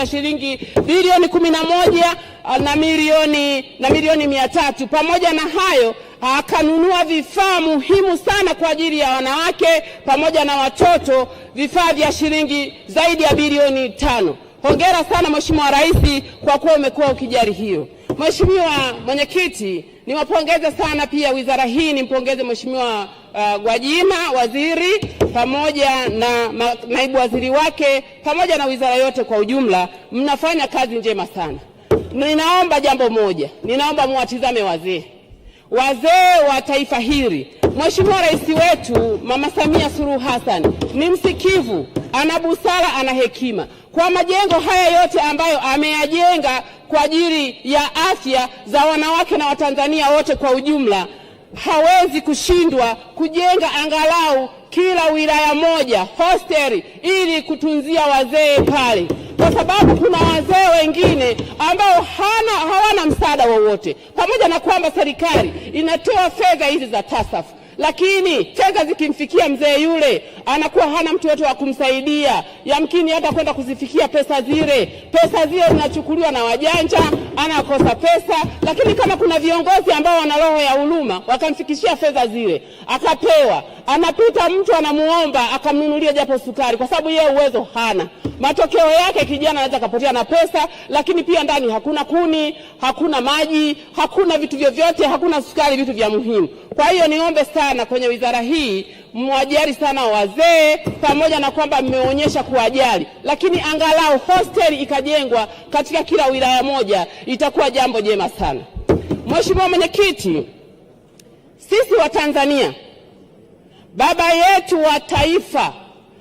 ya shilingi bilioni kumi na moja ah, na milioni na milioni mia tatu. Pamoja na hayo ah, akanunua vifaa muhimu sana kwa ajili ya wanawake pamoja na watoto, vifaa vya shilingi zaidi ya bilioni tano. Hongera sana Mheshimiwa Rais kwa kuwa umekuwa ukijali hiyo. Mheshimiwa Mwenyekiti, niwapongeze sana pia wizara hii, nimpongeze Mheshimiwa uh, Gwajima waziri pamoja na ma, naibu waziri wake pamoja na wizara yote kwa ujumla, mnafanya kazi njema sana. Ninaomba jambo moja, ninaomba muwatizame wazee wazee wa taifa hili. Mheshimiwa Rais wetu Mama Samia Suluhu Hassan ni msikivu, ana busara, ana hekima. Kwa majengo haya yote ambayo ameyajenga kwa ajili ya afya za wanawake na Watanzania wote kwa ujumla, hawezi kushindwa kujenga angalau kila wilaya moja hosteli ili kutunzia wazee pale kwa sababu kuna wazee wengine ambao hana, hawana msaada wowote, pamoja na kwamba serikali inatoa fedha hizi za TASAFU lakini fedha zikimfikia mzee yule anakuwa hana mtu yote wa kumsaidia, yamkini hata kwenda kuzifikia pesa zile. Pesa zile zinachukuliwa na wajanja, anakosa pesa. Lakini kama kuna viongozi ambao wana roho ya huruma wakamfikishia fedha zile akapewa, anapita mtu anamuomba akamnunulia japo sukari, kwa sababu yeye uwezo hana. Matokeo yake kijana anaweza kapotea na pesa, lakini pia ndani hakuna kuni, hakuna maji, hakuna vitu vyovyote, hakuna sukari, vitu vya muhimu. Kwa hiyo niombe sana kwenye wizara hii mwajali sana wazee, pamoja na kwamba mmeonyesha kuwajali, lakini angalau hosteli ikajengwa katika kila wilaya moja, itakuwa jambo jema sana. Mheshimiwa Mwenyekiti, sisi wa Tanzania, baba yetu wa taifa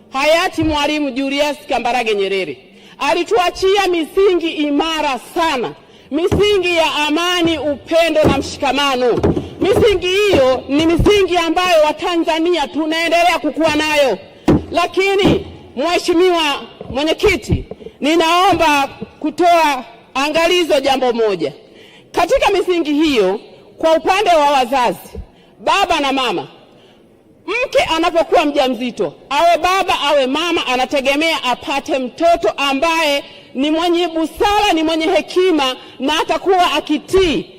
hayati Mwalimu Julius Kambarage Nyerere alituachia misingi imara sana, misingi ya amani, upendo na mshikamano. Misingi hiyo ni misingi ambayo Watanzania tunaendelea kukuwa nayo, lakini Mheshimiwa Mwenyekiti, ninaomba kutoa angalizo jambo moja katika misingi hiyo. Kwa upande wa wazazi, baba na mama, mke anapokuwa mjamzito, awe baba awe mama, anategemea apate mtoto ambaye ni mwenye busara, ni mwenye hekima na atakuwa akitii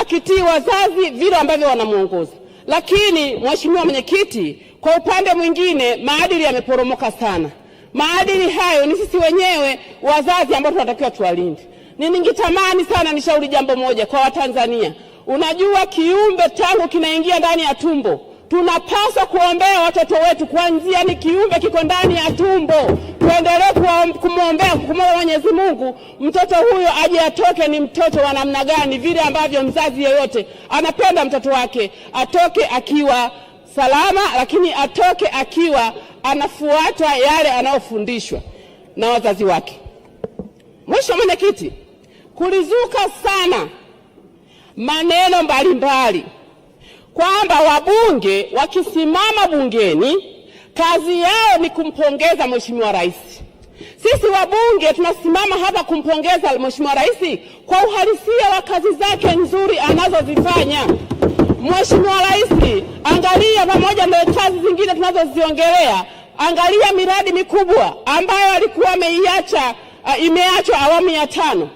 akitii wazazi vile ambavyo wanamwongoza. Lakini mheshimiwa mwenyekiti, kwa upande mwingine maadili yameporomoka sana. Maadili hayo ni sisi wenyewe wazazi ambao tunatakiwa tuwalinde. Ni ningitamani sana nishauri jambo moja kwa Watanzania. Unajua, kiumbe tangu kinaingia ndani ya tumbo Tunapaswa kuombea watoto wetu kuanzia ni kiumbe kiko ndani ya tumbo, tuendelee kumwombea, kumwomba Mwenyezi Mungu mtoto huyo aje atoke ni mtoto wa namna gani, vile ambavyo mzazi yeyote anapenda mtoto wake atoke akiwa salama, lakini atoke akiwa anafuata yale anayofundishwa na wazazi wake. Mwisho mwenyekiti, kulizuka sana maneno mbalimbali mbali kwamba wabunge wakisimama bungeni kazi yao ni kumpongeza mheshimiwa rais. Sisi wabunge tunasimama hapa kumpongeza mheshimiwa rais kwa uhalisia wa kazi zake nzuri anazozifanya. Mheshimiwa Rais, angalia pamoja na kazi zingine tunazoziongelea, angalia miradi mikubwa ambayo alikuwa ameiacha, uh, imeachwa awamu ya tano.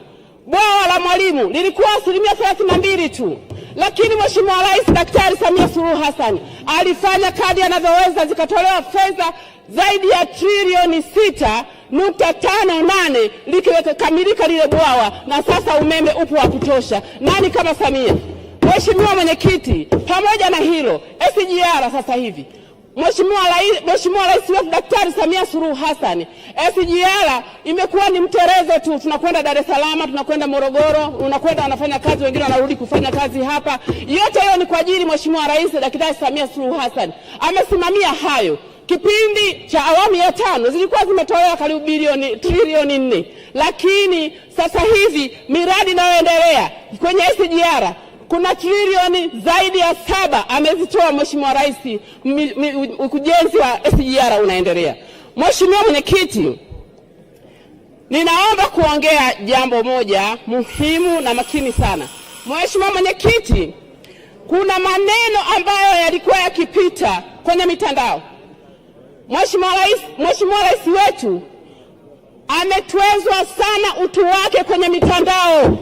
Bwawa la Mwalimu lilikuwa asilimia thelathini na mbili tu. Lakini Mheshimiwa Rais Daktari Samia Suluhu Hassan alifanya kadi anavyoweza, zikatolewa fedha zaidi ya trilioni sita nukta tano nane likikamilika lile bwawa, na sasa umeme upo wa kutosha. Nani kama Samia? Mheshimiwa Mwenyekiti, pamoja na hilo SGR sasa hivi Mheshimiwa Rais wetu Daktari Samia Suluhu Hassan, SGR imekuwa ni mterezo tu, tunakwenda Dar es Salaam, tunakwenda Morogoro, unakwenda wanafanya kazi, wengine wanarudi kufanya kazi hapa. Yote hiyo ni kwa ajili Mheshimiwa Rais Daktari Samia Suluhu Hassan amesimamia hayo. Kipindi cha awamu ya tano zilikuwa zimetolewa karibu bilioni trilioni nne, lakini sasa hivi miradi inayoendelea kwenye SGR kuna trilioni zaidi ya saba amezitoa Mheshimiwa Rais. Ujenzi wa SGR unaendelea. Mheshimiwa Mwenyekiti, ninaomba kuongea jambo moja muhimu na makini sana. Mheshimiwa Mwenyekiti, kuna maneno ambayo yalikuwa yakipita kwenye mitandao. Mheshimiwa Rais, Mheshimiwa Rais wetu ametwezwa sana utu wake kwenye mitandao.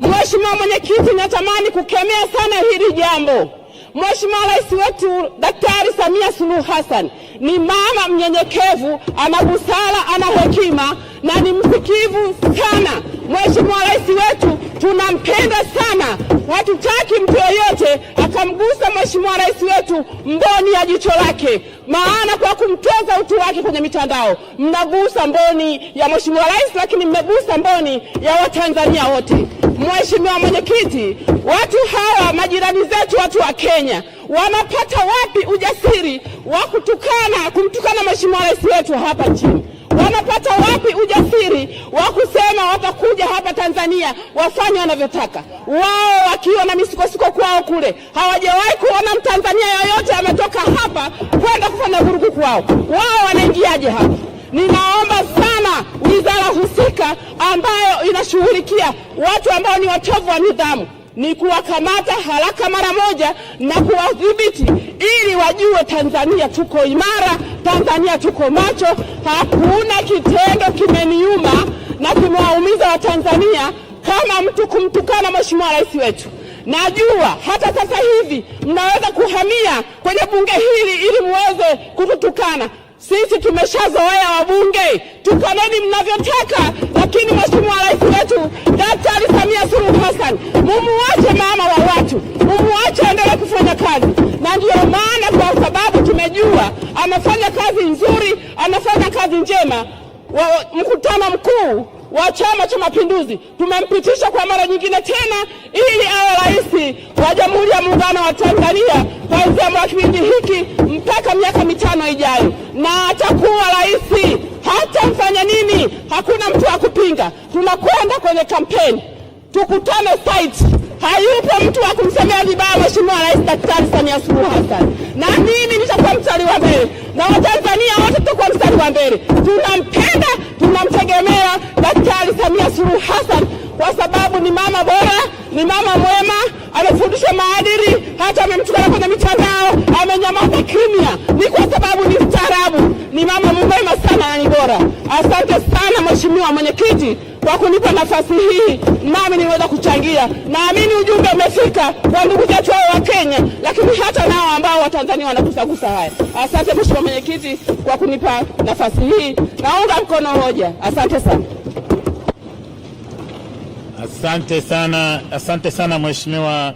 Mheshimiwa Mwenyekiti, natamani kukemea sana hili jambo. Mheshimiwa Rais wetu Daktari Samia Suluhu Hassan ni mama mnyenyekevu, ana busara, ana hekima na ni msikivu sana. Mheshimiwa Rais wetu tunampenda sana, hatutaki mtu yoyote akamgusa Mheshimiwa Rais wetu mboni ya jicho lake, maana kwa kumtoza utu wake kwenye mitandao mnagusa mboni ya Mheshimiwa Rais, lakini mmegusa mboni ya Watanzania wote. Mheshimiwa Mwenyekiti, watu hawa majirani zetu, watu wa Kenya wanapata wapi ujasiri wa kutukana kumtukana Mheshimiwa Rais wetu hapa nchini? Wanapata wapi ujasiri wa kusema watakuja hapa Tanzania wafanye wanavyotaka wao, wakiwa na misukosuko kwao kule? Hawajawahi kuona Mtanzania yoyote ametoka hapa kwenda kufanya vurugu kwao. Wao wanaingiaje hapa? Ninaomba sana wizara husika ambayo inashughulikia watu ambao ni wachovu wa nidhamu ni kuwakamata haraka mara moja na kuwadhibiti ili wajue Tanzania tuko imara, Tanzania tuko macho. Hakuna kitendo kimeniuma na kimewaumiza Watanzania kama mtu kumtukana Mheshimiwa Rais wetu. Najua hata sasa hivi mnaweza kuhamia kwenye bunge hili ili muweze kututukana, sisi tumeshazoea wabunge, tukoneni mnavyotaka, lakini mheshimiwa rais wetu Daktari Samia Suluhu Hassan, mumuache mama wa watu, mumuache aendelee kufanya kazi. Na ndiyo maana kwa sababu tumejua anafanya kazi nzuri, anafanya kazi njema wa, mkutano mkuu wa Chama cha Mapinduzi tumempitisha kwa mara nyingine tena ili awe rais wa Jamhuri ya Muungano wa Tanzania kuanzia mwaka kipindi hiki mpaka miaka mitano ijayo, na atakuwa rais. Hata mfanya nini, hakuna mtu wa kupinga. Tunakwenda kwenye kampeni, tukutane site. Hayupo mtu wa kumsemea vibaya Mheshimiwa Rais Daktari Samia Suluhu Hassan, na mimi nitakuwa mstari wa mbele na Watanzania wote tutakuwa mstari wa mbele. Tunampenda tunamtegemea Daktari Samia Suluhu Hassan kwa sababu ni mama bora, ni mama mwema, amefundishwa maadili, hata amemtukana kwenye mitandao amenyama kunipa nafasi hii nami niweza kuchangia. Naamini ujumbe umefika kwa ndugu zetu hao wa Kenya, lakini hata nao ambao Watanzania wanagusagusa haya. Asante Mheshimiwa Mwenyekiti kwa kunipa nafasi hii, naunga mkono hoja. Asante sana. Asante sana, asante sana Mheshimiwa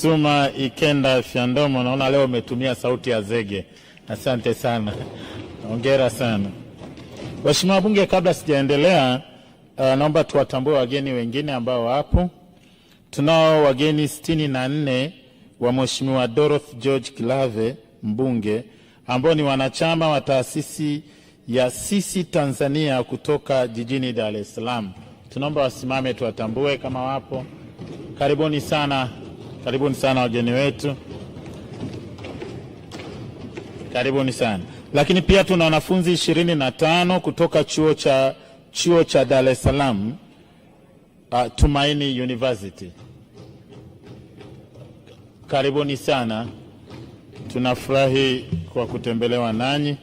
Suma Ikenda Fyandomo, naona leo umetumia sauti ya zege. Asante sana, hongera sana. Waheshimiwa wabunge, kabla sijaendelea Uh, naomba tuwatambue wageni wengine ambao wapo. Tunao wageni sitini na nne wa Mheshimiwa Dorothy George Kilave mbunge ambao ni wanachama wa taasisi ya Sisi Tanzania kutoka jijini Dar es Salaam. Tunaomba wasimame tuwatambue kama wapo. Karibuni sana, karibuni sana wageni wetu, karibuni sana. Lakini pia tuna wanafunzi ishirini na tano kutoka chuo cha chuo cha Dar es Salaam uh, Tumaini University. Karibuni sana, tunafurahi kwa kutembelewa nanyi.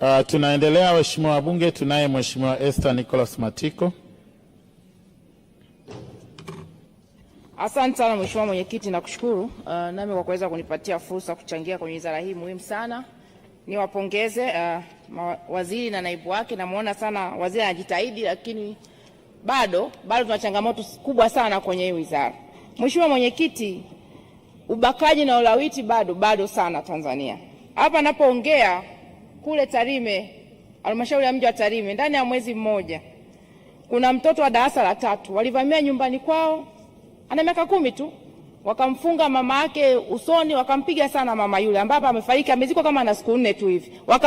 Uh, tunaendelea waheshimiwa wabunge, tunaye Mheshimiwa Esther Nicholas Matiko. Asante sana Mheshimiwa Mwenyekiti, nakushukuru uh, nami kwa kuweza kunipatia fursa kuchangia kwenye wizara hii muhimu sana niwapongeze uh, waziri na naibu wake. Namwona sana waziri anajitahidi, lakini bado bado tuna changamoto kubwa sana kwenye hii wizara. Mheshimiwa Mwenyekiti, ubakaji na ulawiti bado bado sana Tanzania. Hapa napoongea kule Tarime, halmashauri ya mji wa Tarime, ndani ya mwezi mmoja kuna mtoto wa darasa la tatu walivamia nyumbani kwao, ana miaka kumi tu wakamfunga mama yake usoni, wakampiga sana mama yule, ambapo amefariki amezikwa kama na siku nne tu hivi.